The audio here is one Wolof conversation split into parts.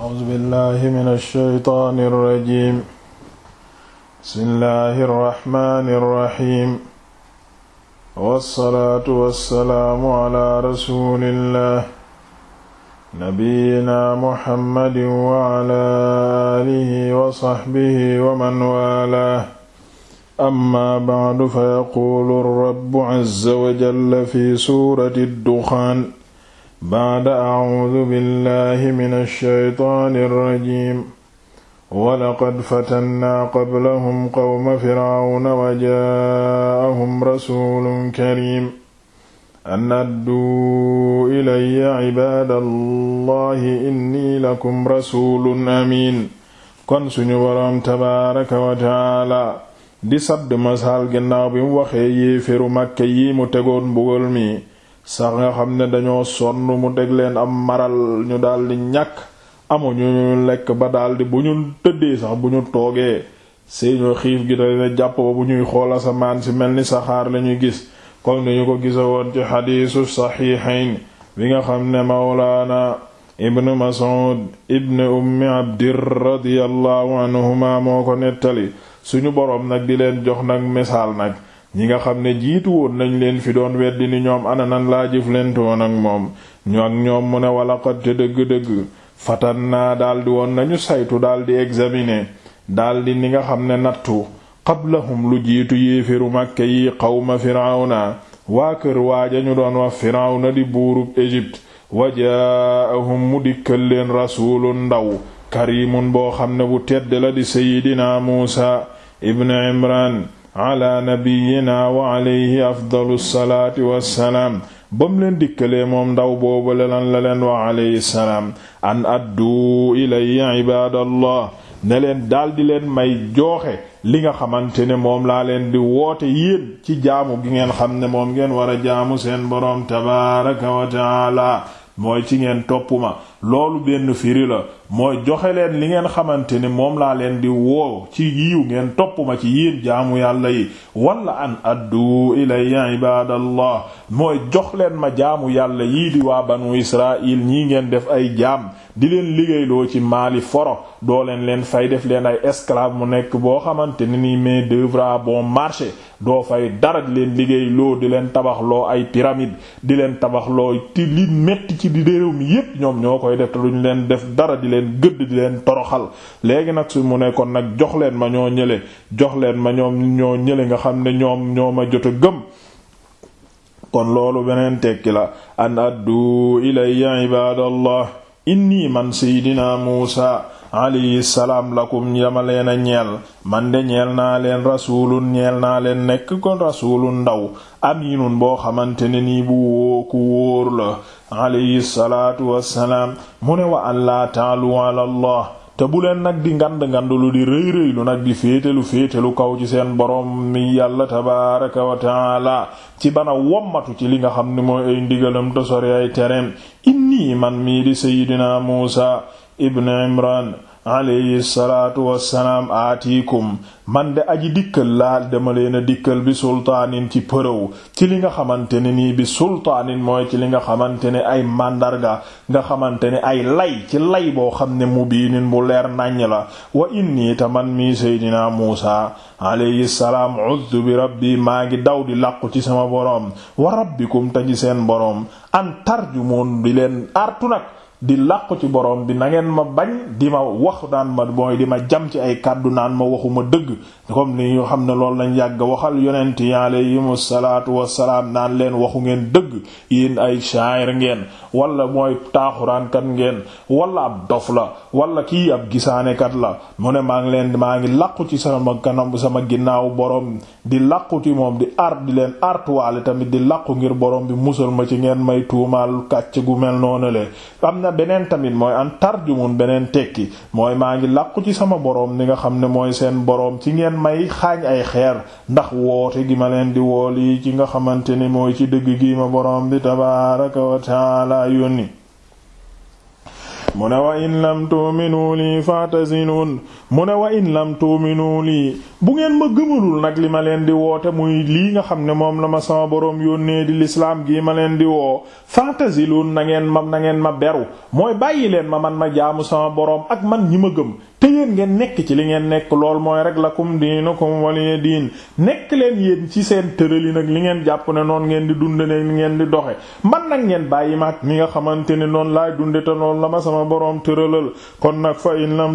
أعوذ بالله من الشيطان الرجيم بسم الله الرحمن الرحيم والصلاة والسلام على رسول الله نبينا محمد وعلى آله وصحبه ومن والاه أما بعد فيقول الرب عز وجل في سورة الدخان baada acuudu billahi min alshaytaani alrajim walaqad fatannaa qablahum qawma fircawna wa jaa'ahum rasulun karim an adduu ilaya cibaada allahi inni lakum rasulun amin kon suñu boroom tabaaraka wa tacaala di sadd masaal ginnaaw bi mu waxee yéefiru màkke yi mu tegoon mbugal mi sax nga xam ne dañoo sonn mu deg leen am maral ñu daldi ñàkk amuñu ñu lekk ba daldi bu ñu tëddee sax bu ñu toogee seenu xiif gi dana jàpp bu ñuy xool asamaan si mel ni saxaar lañuy gis comme ni ko gisa woon ci xadiisu saxiixayn bi nga xam ne mawlaana ibnu mas'ud ibnu ummi abdir radiyallahu anhuma moo ko nettali suñu boroom nag di leen jox nag misaal nag ñi nga xam ne jiitu woon nañ leen fi doon weddi ni ñoom ana nan laa jëflentoon ak moom ñu ak ñoom mu ne walaqad te dëgg-dëgg fatan naa daldi woon nañu saytu daldi examiner daldi ni nga xam ne nattu qablahum lu jiitu yéefiru màkke yi qawma firawna waa kër waaja ñu doon wax firawna di buurub Égypte wajaahum mu dikkal leen rasuulu ndaw karimun boo xam ne bu tedd la di sayidina muusa ibn imran ala nabiyyina wa alayhi afdalu salaati wassalaam ba mu leen dikkalee moom ndaw boobu lan la leen wa alayhi salaam an addu ilayya ibaadallah ne leen daldi leen may jooxe li nga xamante ne moom laa leen di woote yéen ci jaamu gi ngeen xam ne moom ngeen war a jaamu seen boroom tabaaraka wa taala mooy ci ngeen topp loolu benn firi la mooy joxe leen li ngeen xamante ne moom laa leen di woo ci yiw ngeen topp ma ci yéen jaamu yàlla yi wala an addu ilayya ibadallah mooy jox leen ma jaamu yàlla yii di waa banu israil ñi ngeen def ay jaam di leen liggéeyloo ci maali foro doo leen leen fay def leen ay esclave mu nekk boo xamante ne ni main d'œuvre à marché doo fay dara di leen liggéeyloo di leen tabaxloo ay pyramide di leen tabaxloo ti li metti ci di koy def te leen def dara di leen gëdd di leen toroxal léegi nag su mu nekkoon nag jox leen ma ñoo ñële jox leen ma ñoom ñoo ñële nga xam ne ñoom ñoo ma jot a gëm kon loolu beneen tekki la an addu ilayya ibadallah inni man sayidina Muusa alayhi salaam lakum yama leen a ñeel man de ñeel naa leen rasulun ñeel naa leen nekk ko rasulun ndaw aminun boo xamante ne nii bu wooku wóor la alayhi salaatu wassalaam mu ne wa allah te bu leen nag di ngand ngandlu di rëy rëylu nag di féetalu féetalu kaw ci seen borom mi yàlla tabaaraka wa taala ci bana wommatu ci li nga xam ne mooy ay ndigalam te sori tereem inni man mii di sayidina Muusa ibn imran alayhi salaatu wassalaam aatiikum man de aji dikkal laal dama leen dikkal bi sultaanin ci përëw ci li nga xamante ne nii bi sultaanin mooy ci li nga xamante ne ay màndarga nga xamante ne ay lay ci lay boo xam ne mu biinin bu leer nàññ la wa inni ta man mii seydinaa muusa alayhi salaam uddu bi rabbi maa ngi daw di làqu ci sama boroom wa rabbikum ta ci seen boroom an tarjumoon bi leen artu nag di làqu ci borom bi nangeen ma bañ di ma wax daan ma mooy di ma jam ci ay kàddu naan ma waxuma dëgg kom ni ñoo xam ne loolu lañ yàgg waxal yonent yi alayhimu salaatu wassalaam naan leen waxu ngeen dëgg yéen ay shaayir ngeen walla mooy taaxuraankat ngeen walla ab dof la walla kii ab gisaanekat la mu ne maa ngi leen maa ngi làqu ci sama kanam sama ginnaaw borom di làqu ci moom di art di leen artuwaale tamit di làqu ngir borom bi musal ma ci ngeen may tuumaal kàcc gu mel beneen tamit mooy an tarjumun beneen tekki mooy maa ngi làqu ci sama boroom ni nga xam ne mooy seen boroom ci ngeen may xaañ ay xeer ndax woote gi ma leen di wool yi ci nga xamante ni mooy ci dëgg gi ma boroom bi tabaaraka wa yoon yónni mu ne wa in lam tu'minu lii fa'taziluun mu ne wa in lam tu'minu lii bu ngeen ma gëmalul nag li ma leen di woote muy lii nga xam ne moom la ma sama boroom yónnee di lislaam gi ma leen di woo fa'taziluun na ngeen ma na ngeen ma beru mooy bàyyi leen ma man ma jaamu sama boroom ak man ñi ma gëm te yéen ngeen nekk ci li ngeen nekk lool mooy la rek lakum diinukum waliya diin nekk leen yéen ci seen yi nag li ngeen jàpp ne noon ngeen di dund ne ngeen di doxe man nag ngeen bàyyi ma mi nga xamante ne noonu laay dunde te noonu la ma sama boroom tëralal kon nag fa in lam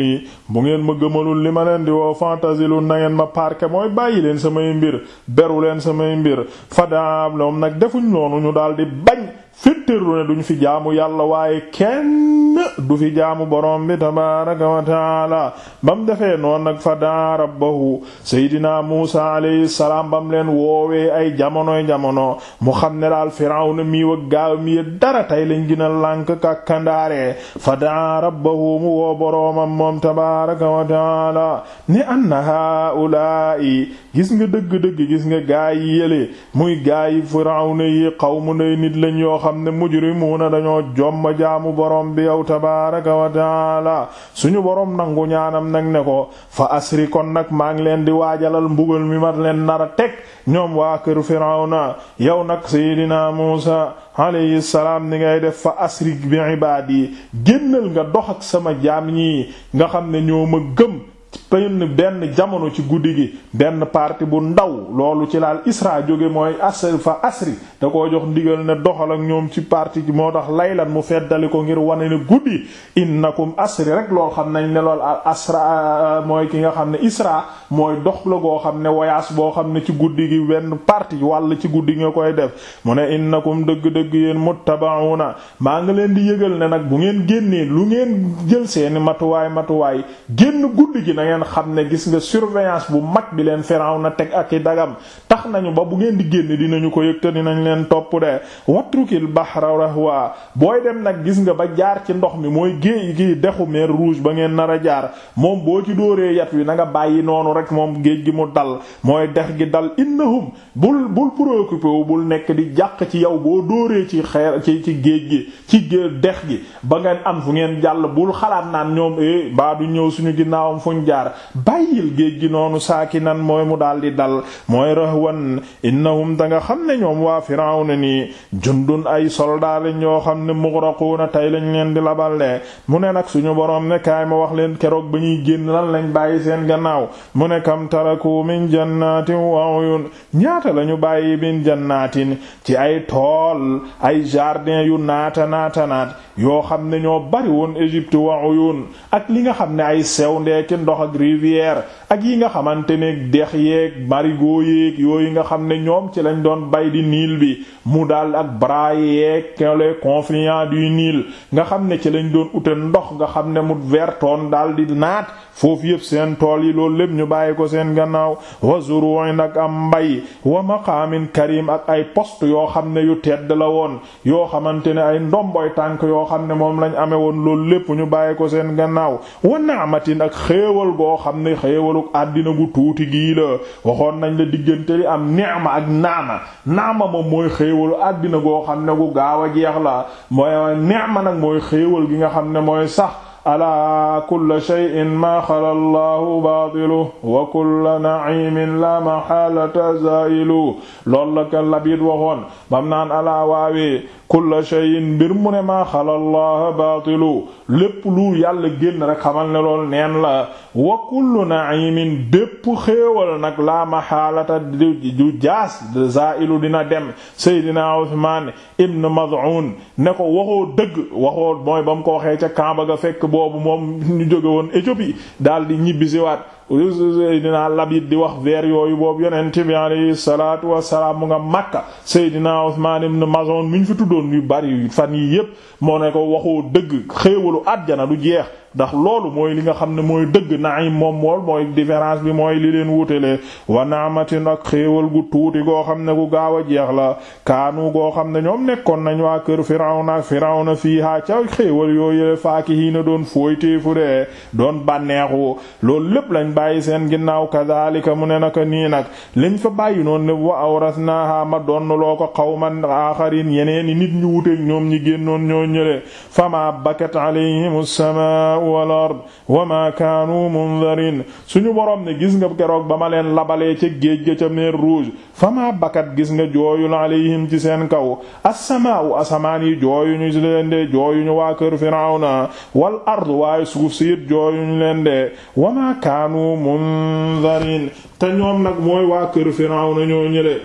lii bu ngeen ma gëmalul li ma leen di woo fantasilun na ngeen ma parke mooy bàyyi leen samay mbir beru leen samay mbir fadaab loom nag defuñ noonu ñu daldi bañ fittirlu ne duñ fi jaamu yàlla waaye kenn du fi jaamu borom bi tabaaraka wa taala bam defee noon nag fa daa rabbahu seydina muusa alayhi salaam bam leen woowee ay jamonoy jamono mu xam ne daal firawna mii wa gaaw mii dara tey lañ gina a lànk kàkkandaare fa daa rabbahu mu woo boroomam moom tabaaraka wa taala ni anna haa'ulaa'i gis nga dëgg-dëgg gis nga gaay yi muy gaay yi firawna yi qawmun nit lañ yoo xam xam ne na dañoo jomm jaamu borom bi yow tabaaraka wa taala suñu boroom nangu ñaanam nag ne ko fa asri kon nag maa ngi leen di waajalal mbugal mi mat leen nar a teg ñoom waa kër Firawna yow nag Seydina Muusa alayhi salaam ni ngay def fa asri bi ibaadi génnal nga dox ak sama jaam ñi nga xam ne ñoo ma gëm penn benn jamono ci guddi gi benn parti bu ndaw loolu ci laal Isra jóge mooy asr fa asri da koo jox ndigal ne doxal ak ñoom ci parti moo tax laylan mu feddali ko ngir wane ne guddi innakum asri rek loo xam nañ ne lool al asra euh, mooy ki nga xam ne Isra mooy dox la goo xam ne voyage boo xam ne ci guddi gi wenn parti wàll ci guddi nga koy def mu ne kom dëgg-dëgg yéen muttaba'una maa ngi leen di yëgal ne nag bu ngeen génnee lu ngeen jël seeni matuwaay matuwaay génn guddi gi ngeen xam ne gis nga surveillance bu mag bi leen Firawna teg ak i dagam tax nañu ba bu ngeen di génn dinañu ko yëg te dinañ leen topp de watrukil bahra rahwa booy dem nag gis nga ba jaar ci ndox mi mooy géej gi dexu mer rouge ba ngeen nar a jaar moom boo ci dóoree yat wi na nga bàyyi noonu rek moom géej gi mu dal mooy dex gi dal innahum bul bul préoccupé wu bul nekk di jàq ci yow boo dóoree ci xeer ci ci géej gi ci dex gi ba ngeen am fu ngeen jàll bul xalaat naan ñoom eh, ñëw suñu ginnaawam fuñ jaar dara bàyyil géej gi noonu saakinan mooy mu daal di dal mooy rahwan innahum da nga xam ne ñoom waa firawna nii jundun ay soldat lañ yoo xam ne mughraquna tey lañ leen di laballe mu ne nag suñu boroom ne kaay ma wax leen keroog ba ñuy génn lan lañ bàyyi seen gannaaw mu ne kam taraku min jannatin wa uyun ñaata lañu bàyyi min jannatin ci ay tool ay jardin yu naata naata naat yoo xam ne ñoo bari woon Égypte wa ak li nga xam ne ay sew ndeeki ndox ak rivière ak yi nga xamante ne dex yeeg marigot yeeg yooyu nga xam ne ñoom ci lañ doon bay di niil bi mu daal ak bras yeeg les confluents du Nil nga xam ne ci lañ doon ute ndox nga xam ne mu vertoon daal di naat foofu yëpp seen tool yi loolu lépp ñu bàyyi ko seen gannaaw wa zuru'in nag am mbay wa ma maqaamin karim ak ay post yoo xam ne yu tedd la woon yoo xamante ne ay ndomboy tànk yoo xam ne moom lañ amee woon loolu lépp ñu bàyyi ko seen gannaaw wa naamatin ak xéewal goo xam ne xéewaluk àddina gu tuuti gii la waxoon nañ la diggante li am ni'ma ak naama naama moom mooy xéewalu àddina goo xam ne gu gaaw a jeex la mooy ni'ma nag mooy xéewal gi nga xam alaa kulla shay'in maa xalaa Allahu baatilu wa kulla naan alaa waawee kulla shay'in mbir ne maa xalaa Allaha baatilu lépp lu yàlla génn rek xamal ne lool neen la wa kullu na'iimin bépp xéewal nag laa maxaalata du jaas zaa'ilu dina dem Seydina Usmaan ibn Mad'un ne ko waxoo dëgg waxoo mooy bam ko waxee Kaaba ga fekk boobu moom ñu jóge woon Éthiopie daal di waat Seydina Labid di wax vers yooyu boobu yonent bi alayhi salaatu wassalaam mu nga Makka Seydina Usmaan ibn Maz'un mi ñu fi tuddoon yu bari fan yii yépp moo ne ko waxoo dëgg xéewalu àjjana du jeex ndax loolu mooy li nga xam ne mooy dëgg naim moom wool mooy différence bi mooy li leen wuutelee wa naamatin ak xéewal gu tuuti goo xam ne gu gaaw a jeex la kaanu goo xam ne ñoom nekkoon nañ waa kër firawna na fii fiihaa ca xéewal yooyu faakihina doon fooytéefu doon bànneexu loolu lépp lañ bàyyi seen ginnaaw kadhalika mu ne naka nii nag liñ fa bàyyi noonu ne wa awrasnaha ma donn loo ko qawman aaxarin yeneeni nit ñu wuteek ñoom ñi génnoon ñoo ñële fama bakat alayhim as-samaa'u wa ma kaanu munzarin suñu borom ne gis nga keroog ba ma leen labalee ca géej ga ca mer rouge fama bakat gis nga jooyul alayhim ci seen kaw as-samaa'u asamaan yi jooyuñu ci leen de jooyuñu waa kër Firawna wal leen de wa kaanu kanu munzarin te ñoom nag mooy waa kër Firawna ñoo ñële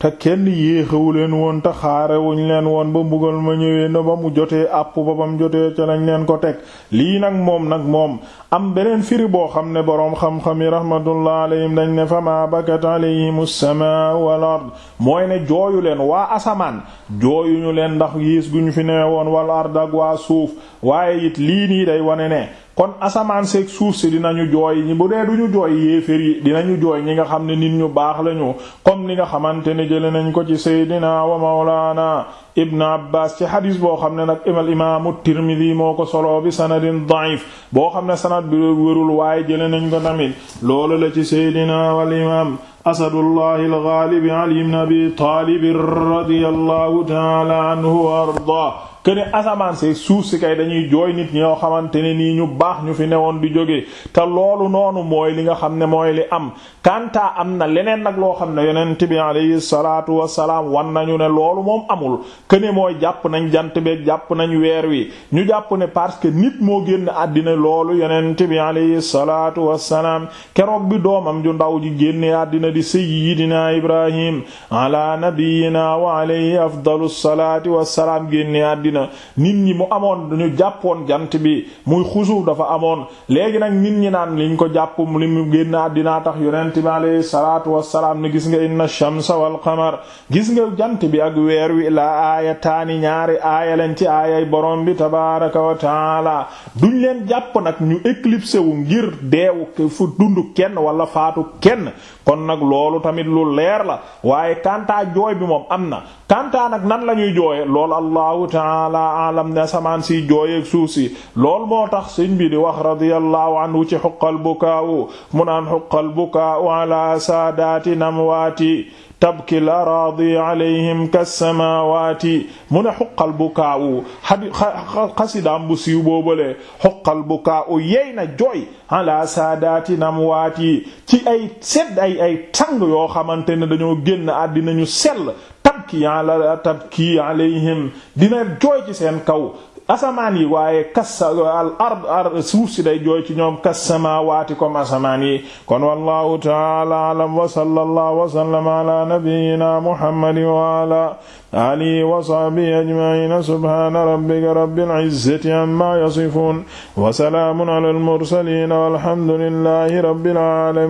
te kenn yéexawu leen woon te xaarewuñ leen woon ba mbugal ma ñëwee na ba mu jotee àpp ba ba mu jotee ca lañ leen ko teg lii nag moom nag moom am beneen firi boo xam ne boroom xam-xam yi rahmatullah alayhim dañ ne fama bakat alayhim as-samaa wal ard mooy ne jooyu leen waa asamaan jooyuñu leen ndax yiis guñu fi nee woon wal ard ak waa suuf waaye it lii nii day wane ne kon asamaan seeg suuf si dina ñu jooy ñi bu dee duñu jooy yéefér dina ñu jooy ñi nga xam ne nit ñu baax lañu comme ni nga xamante ne jële nañ ko ci seydina wa mawlaana ibn abbas ci xadis boo xam ne nag imal imaamu tirmidi moo ko solo bi sanadin daif boo xam ne sanad bi wérul waaye jële nañ ko tamit loolu la ci seydina wal imaam asadullah al ghalib ali ibn abi taalib radiyallahu ta'ala anhu wa arda que asamaan see suuf si kay dañuy jooy nit ñoo xamante ne nii ñu baax ñu fi newoon di jógee te loolu noonu mooy li nga xam ne mooy li am kanta am na leneen nag loo xam ne yonent bi alayhi salaatu wassalaam wan nañu ne loolu moom amul que mooy jàpp nañ jant beeg jàpp nañ weer wi ñu jàpp ne parce que nit moo génn àddina loolu yonent bi alayhi salaatu wassalaam keroog bi doomam ju ndaw ji génne àddina di sayyidina Ibrahim ala nabiyina wa alayhi afdalus salaati wassalaam génne àddina Medina nit ñi mu amoon ñu jàppoon jant bi muy xusuuf dafa amoon léegi nag nit ñi naan liñ ko jàpp li mu génn àddinaa tax yonent bi alayhi salaatu wassalaam ni gis nga inna shamsa wal qamar gis nga jant bi ak weer wi la aaya taani ñaari aaya lañ ci aayay borom bi tabaaraka wa taala duñ leen jàpp nag ñu éclipsé wu ngir deewu fu dund kenn wala faatu kenn kon nag loolu tamit lu leer la waaye kantaa jooy bi moom am na kantaa nag nan lañuy jooye loolu allahu taala taala alam na asamaan si jooyeeg suuf si lool moo tax sëñ bi di wax radiyallahu anhu ci xuqal bukaawu mu naan xuqal bukaawu ala saadaati namwaati tabkil araadi alayhim kassamaawaati mu ne xuqal bukaawu xadi xasidaam bu siiw boobale xuqal bukaawu yey na jooy ala saadaati namwaati ci ay sedd ay ay tàng yoo xamante ne dañoo génn àddina ñu sell tabki ala tabki alayhim dina jooy ci seen kaw asamaan yi waaye kas al ard ard suuf si day jooy ci ñoom kas samaawaati comme asamaan yi kon wallahu ta'ala a'lam wa sallallahu wa sallama ala nabiyyina muhammadin wa ala alihi wa sahbihi ajma'in subhana rabbika rabbil izzati amma yasifun wa salamun ala al mursalin walhamdulillahi rabbil alamin